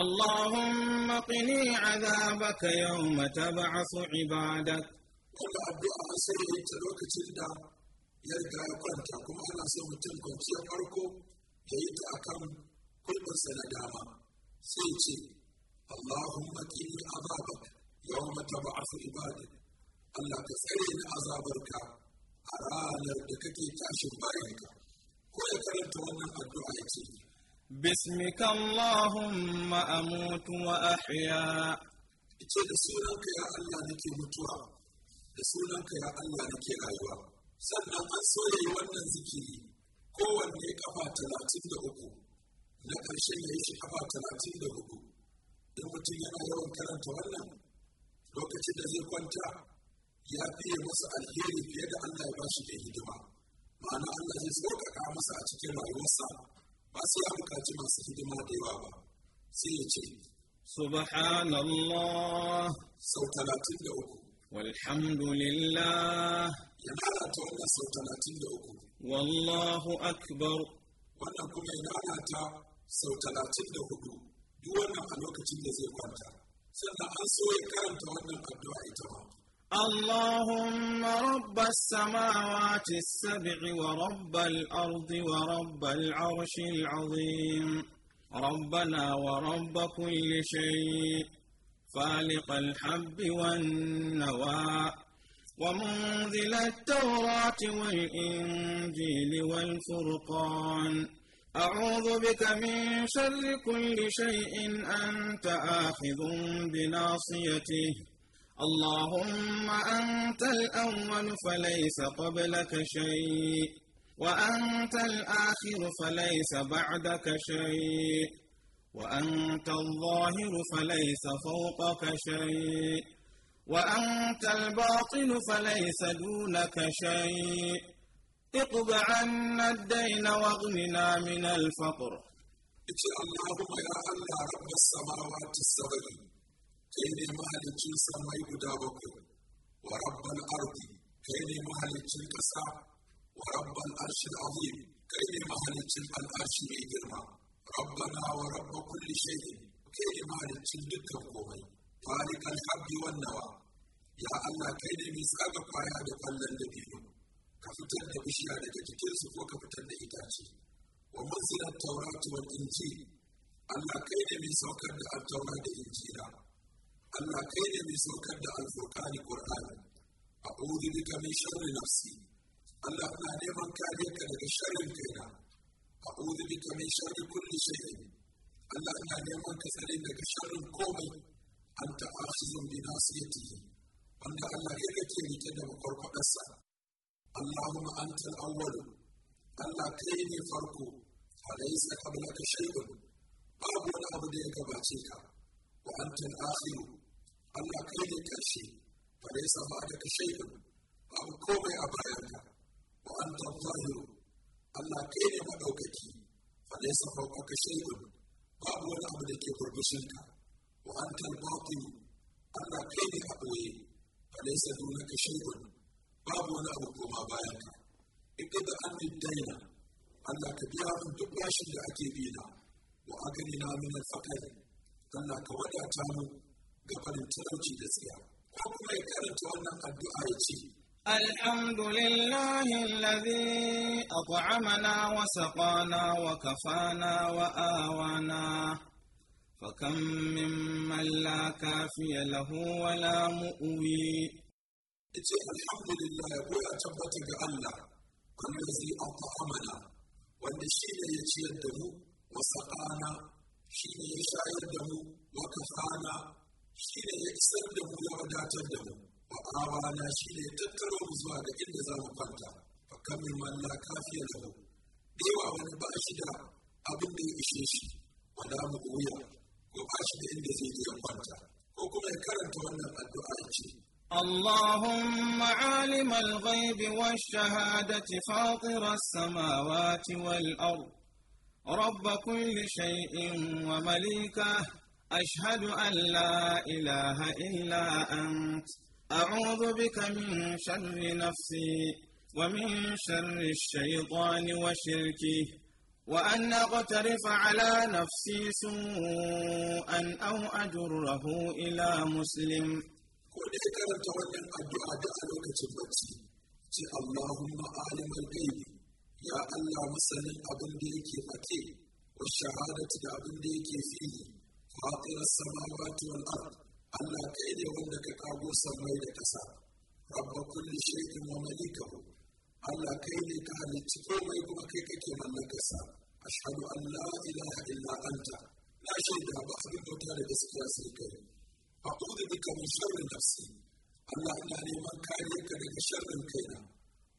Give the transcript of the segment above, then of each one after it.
اللهم قني عذابك يوم تبعث عبادك ولا الدعاء سيئت الوقت دا يرجع يكونت كما أنا سمتن كنت يفرقو يأيت أكم كل سنة داما سيئتي اللهم قني عذابك يوم تبعث عبادك الله كفرين عذابك أرانا لكي تاشي بايك كل كلمة وانا الدعاء يتيني باسمك اللهم أموت وأحيا ce da sunanka ya Allah nake mutuwa da sunanka ya Allah nake rayuwa sannan an so yayi wannan zikiri kowanne kafa talatin da uku na ƙarshen ya yi shi kafa talatin da hudu in mutum yana yawan karanta wannan lokacin da zai kwanta ya fiye masa alheri fiye da Allah ya bashi da hidima ma'ana Allah zai sauƙaƙa masa a cikin rayuwarsa ba sai ya bukaci masu hidima da yawa ba sai ya ce subhanallah sau talatin da uku walhamdulillah ya lalata wannan sau talatin da uku wallahu akbar wannan kuma ya lalata sau talatin da hudu duk wannan a lokacin da zai kwanta sannan an so ya karanta wannan addu'a ita ma اللهم رب السماوات السبع ورب الارض ورب العرش العظيم ربنا ورب كل شيء فالق الحب والنوى ومنزل التوراه والانجيل والفرقان اعوذ بك من شر كل شيء انت اخذ بناصيته اللهم أنت الأول فليس قبلك شيء وأنت الآخر فليس بعدك شيء وأنت الظاهر فليس فوقك شيء وأنت الباطن فليس دونك شيء اقض عنا الدين واغننا من الفقر اللهم يا الله رب السماوات السبع kene mahalicin samai guda bakwai wa rabban ardi kene mahalicin kasa wa rabban arshin azim kene mahalicin al'arshi mai girma ربنا ورب كل شيء كي ما نتشد كفومي فارق الحب والنوى يا الله كي نميس أبا قايا دقل النبي كفتن بشيء على كتير سوف وكفتن إتاتي ومنزل التوراة والإنجيل الله كي نميس وكرد التوراة والإنجيل Allah kai ne mai saukar da alfurkani Qur'ani a ƙuri bika min sharri nafsi Allah ina neman kariyarka daga sharrin kaina a ƙuri bika min sharri kulli shay'in Allah ina neman ka tsare daga sharrin komai an ta'akhizun bi nasiyatihi wanda Allah ya kake rike da makwarkwadarsa Allahumma anta al-awwal Allah kai ne farko alaysa qablaka shay'un babu wani abu da ya gabace ka wa anta al-akhir Allah kai ne ƙarshe fa laysa ba'daka shay'un babu komai a bayanka wa anta zahir Allah kai ne madaukaki fa laysa fawqaka shay'un babu wani abu da ke burbushinka wa anta al-batin Allah kai ne a boye fa laysa dunaka shay'un babu wani abu koma bayanka ibtada an daina Allah ka biya mun duk bashin da ake bi na wa agani na min al-faqr Allah ka wadata mu ya fahimci talauci da tsiya ko kuma ya karanta wannan addu'a ya ce الحمد لله الذي أطعمنا وسقانا وكفانا وآوانا فكم ممن لا كافي له ولا مؤوي الحمد لله ويا تبتك الله الذي أطعمنا والنشيد يتيده وسقانا شيء يشاهده وكفانا shi ne ya isar da mu ya wadatar da mu wa awana shi ne ya tattaro mu zuwa ga inda za mu kwanta fa kamin malla kafiya da mu da yawa wani ba shi da abin da ya ishe shi wanda mu wuya ko ba shi da inda zai je ya kwanta ko kuma ya karanta wannan addu'a ya ce اللهم عالم الغيب والشهادة فاطر السماوات والأرض رب كل شيء ومليكه أشهد أن لا إله إلا أنت أعوذ بك من شر نفسي ومن شر الشيطان وشركه وأن أقترف على نفسي سوءا أو أجره إلى مسلم اللهم أعلم الغيب يا الله مسلم أبن ديكي أكيد والشهادة أبن ديكي فيه فاطر السماوات والأرض ألا كيد وندك كابوسا ميد كسا رب كل شيء ومليكه ألا كيد تقوم تقومي وكيك كيما لكسا أشهد أن لا إله إلا أنت لا شيء بأخذ تارك كيما أعوذ بك من شر نفسي ألا أنا من كان لك شر كينا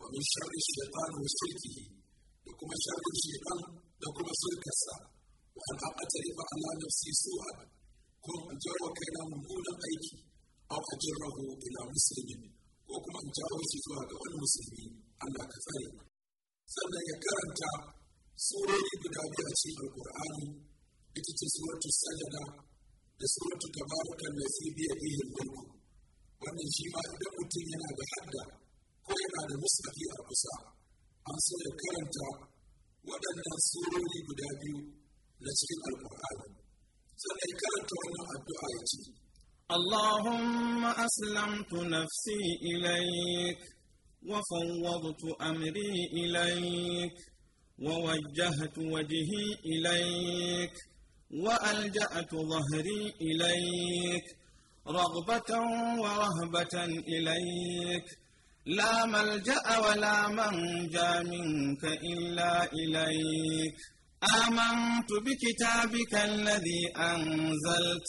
ومن شر الشيطان وشركه لكم شر الشيطان لكم شرك السابق وأن أقترف على نفسي سوءا كم أجر كينا ممونا أيكي أو أجره إلى مسلم وكم أن جاوز فهد والمسلمين على كفري سنة يكرنت سورة بدابية القرآن إتت سورة السجدة لسورة تبارك الذي بيده الملك wannan shi ma idan mutum yana da hadda ko yana da musafi a kusa an so ya karanta waɗannan surori guda biyu na القرآن فإن كانت أن wannan اللهم أسلمت نفسي إليك وفوضت أمري إليك ووجهت وجهي إليك وألجأت ظهري إليك رغبة ورهبة إليك لا ملجأ ولا منجا منك إلا إليك آمنت بكتابك الذي أنزلت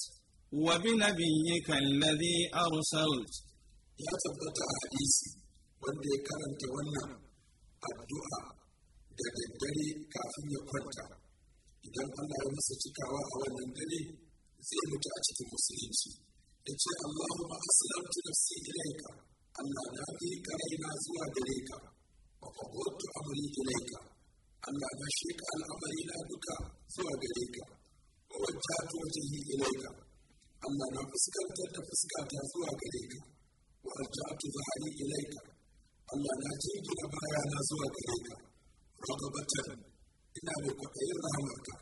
وبنبيك الذي أرسلت يا تبت حديثي wanda ya karanta wannan addu'a da daddare kafin ya kwanta idan Allah ya masa cikawa a wannan dare zai mutu a cikin musulunci ya ce Allahumma aslamtu nafsi ilaika Allah na miƙa raina zuwa gare ka wa qadwattu amri ilaika Allah na shi ka al'amari na duka zuwa gare ka wa wajjatu wajhi ilayka Allah na fuskantar da fuskata zuwa gare ka wa arja'tu zahari ilayka Allah na jingina baya na zuwa gare ka ragabatan ina mai kwaɗayin rahamarka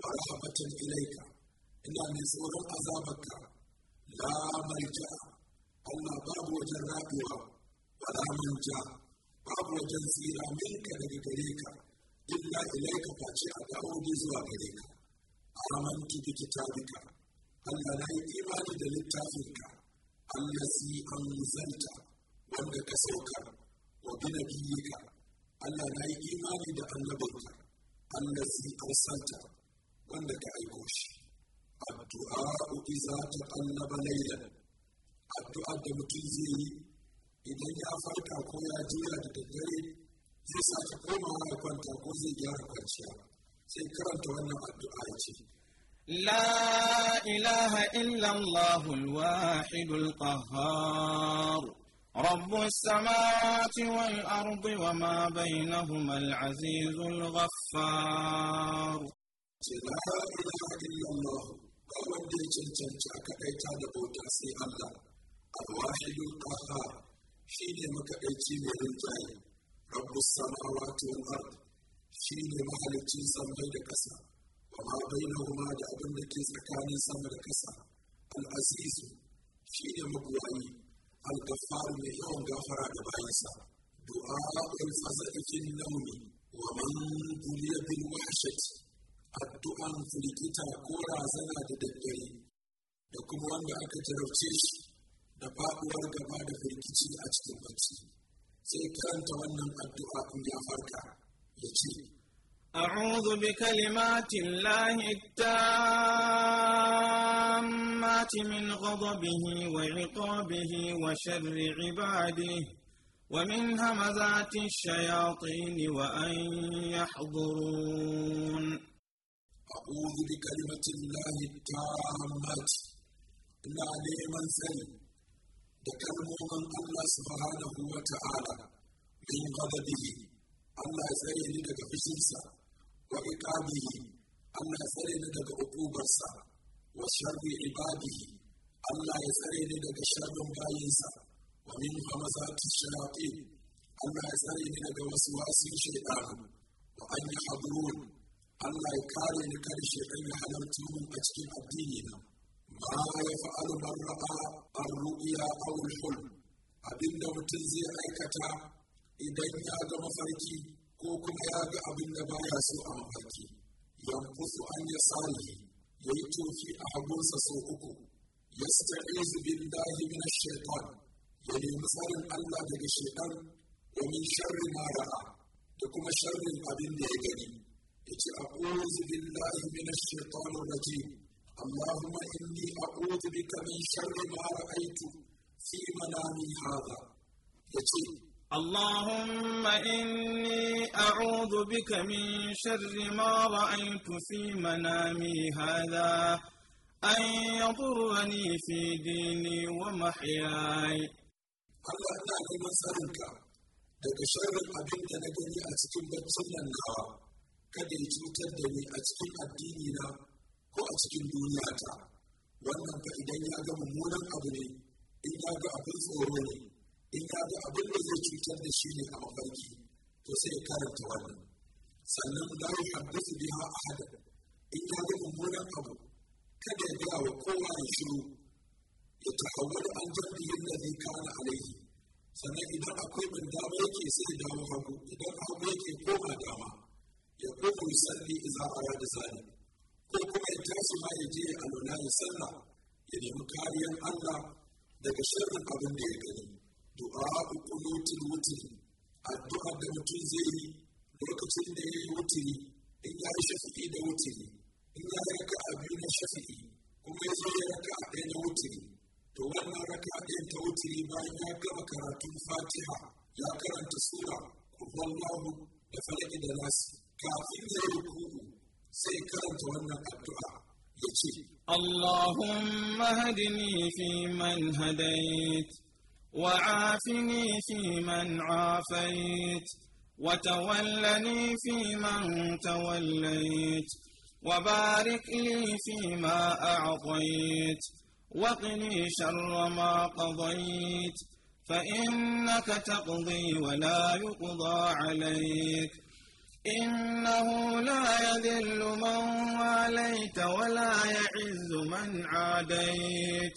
wa rahabatan ilaika ina mai tsoron azabarka la malja Allah babu wajen rabuwa wa la manja babu wajen tsira minka daga gare ka illa ilaika face a dawo da zuwa gare ka amantu bi kitabika Allah na yi imani da littafinka allazi anzalta wanda ka saukar wa bi nabiyika Allah na yi imani da annabinka allazi arsalta wanda ka aiko shi addu'a iza taqallaba laylan addu'a da mutum zai yi idan ya farka ko ya jira da daddare zai kwanta ko zai gyara kwanciya sai karanta wannan addu'a ya ce لا إله إلا الله الواحد القهار رب السماوات والأرض وما بينهما العزيز الغفار لا إله إلا الله أودي دي تنتن تأكأيتا دبوتا سي الله الواحد القهار شيني مكأيتي من الجاي رب السماوات والأرض شين مهلك سمي لكسا وما بينهما دا أبن لكي سكاني سمي لكسا العزيز شين مبوعي الغفار من يوم غفر دبايسا دعاء الفزع في النوم ومن بلي بالوحشة addu'an firgita ko razana da daddare da kuma wanda aka jarabce shi da faɗuwar gaba أعوذ بكلمات الله التامات من غضبه وعقابه وشر عباده ومن همزات الشياطين وأن يحضرون أعوذ بكلمة الله التامات إلا عليه من سلم da kalmomin Allah subhanahu wa ta'ala min ghadabihi Allah ya tsare ni daga fushinsa wa iqabihi Allah ya tsare ni daga ukubarsa wa sharri ibadihi Allah ya tsare ni daga sharrin bayinsa wa min hamazati shayatin Allah ya tsare ni daga wasu wasin shaytan wa an yahdurun Allah ya kare ni kada shaytan ya halarta mun a cikin addini na ma yaf'alu man ra'a ar-ru'ya aw al-hulm abinda mutum zai aikata idan ya ga mafarki ko kuma ya ga abin da baya so a mafarki yankusu an ya salihi ya yi tofi a hagunsa sau uku yasta'izu billahi min ash-shaytan ya nemi tsarin Allah daga shaytan wa min sharri ma ra'a da kuma sharrin abin da ya gani yace a'udhu billahi min ash-shaytanir rajim اللهم إني أعوذ بك من شر ما رأيت في منامي هذا يتي اللهم إني أعوذ بك من شر ما رأيت في منامي هذا أن يضرني في ديني ومحياي الله أنا لمن سألك daga sharrin abin da na gani a cikin baccin nan nawa kada ko a cikin duniya ta wannan fa idan ya ga mummunan abu ne in ya ga abin tsoro ne in ya ga abin da zai cutar da shi ne a mafarki to sai ya karanta wannan sannan la yuhaddithu biha ahada in ya ga mummunan abu kada ya gaya wa kowa ya shiru ya tahawwala an jaddihi alladhi kana alayhi sannan idan akwai bin dama yake sai dawo hagu idan hagu yake koma dama ya koma yusalli idza arada zalika ko kuma ya tashi ma ya je alwala ya sallah ya nemi kariyar Allah daga sharrin abin da ya gani du'a qunutul wutri addu'a da mutum zai yi lokacin da ya yi wutri in ya yi shafi'i da wutri in ya yi raka'a biyu na shafi'i kuma ya zo ya raka'a ɗaya na wutri to wannan raka'a ɗayan ta wutri bayan ya gama karatun fatiha ya karanta sura qul da falaki da nasi kafin ya yi ruku'u sai karanta wannan addu'a اللهم اهدني فيمن هديت وعافني فيمن عافيت وتولني فيمن توليت وبارك لي فيما اعطيت وقني شر ما قضيت فانك تقضي ولا يقضى عليك إنه لا يذل من واليت ولا يعز من عاديت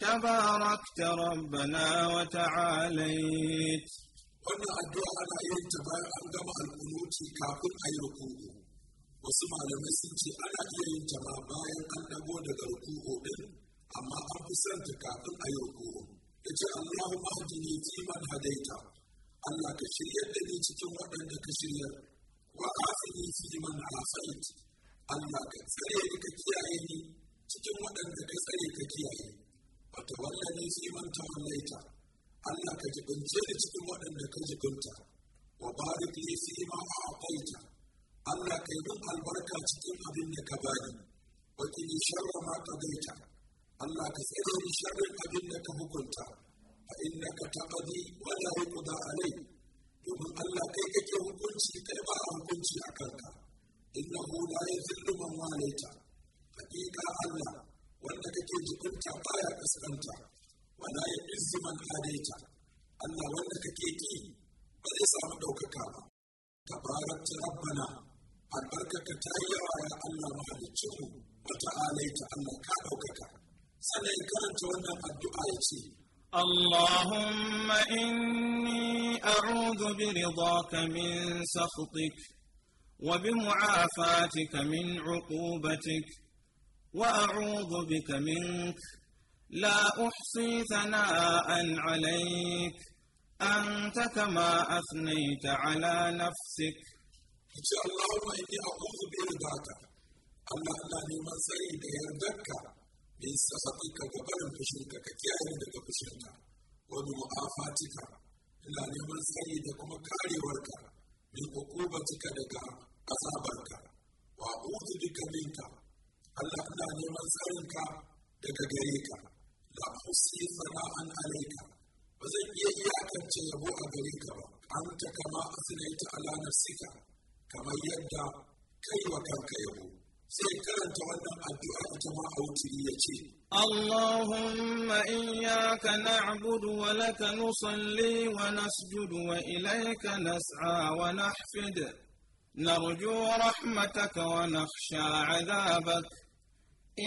تباركت ربنا وتعاليت wannan addu'a ana yin ta bayan an gama alkunuti kafin a yi rukuku wasu malamai sun ce ana iya yin ta ma bayan an dago daga rukuku din amma an fi son ta kafin a yi rukuku ya ce allahu mahdini fi man hadaita allah ka shiryar da ni cikin waɗanda ka shiryar وآخذي في من عافيت Allah ka tsare ka kiyaye ni cikin waɗanda ka tsare ka kiyaye wata wallani fi man tawallaita Allah ka jibince ni cikin waɗanda ka jibinta wa barik li fi ma a'taita Allah ka yi albarka cikin abin da ka bani wa kini sharra ma qadaita Allah ka tsare ni sharrin abin da ka hukunta fa innaka taqdi wa la yuqda alayka domin Allah kai kake hukunci kai ba hukunci a kanka innahu la yuzillu man walaita haqiqa Allah wanda kake jibinta baya kaskanta wala yuzillu man hadaita Allah wanda kake ki ba zai samu daukaka ba tabarakta rabbana albarkaka ta yi yawa ya Allah mahalicci wata alaita Allah ka daukaka sannan karanta wannan addu'a ya ce اللهم إني أعوذ برضاك من سخطك وبمعافاتك من عقوبتك وأعوذ بك منك لا أحصي ثناء عليك أنت كما أثنيت على نفسك إن شاء الله إني أعوذ برضاك الله لا لمن سيد يردك in sahatika ga barin fushinka ka kiyaye daga fushinka wa bi mu'afatika ina neman tsari da kuma karewarka min hukumatika daga azabarka wa a'udhu bika minka Allah ina neman tsarinka daga gare ka la husi sana'an alayka ba zan iya iyakance yabo a gare ka ba anta kama asnaita ala nafsika kamar yadda kai wa kanka yabo اللهم إياك نعبد ولك نصلي ونسجد وإليك نسعى ونحفد نرجو رحمتك ونخشى عذابك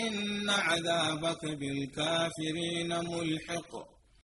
إن عذابك بالكافرين ملحق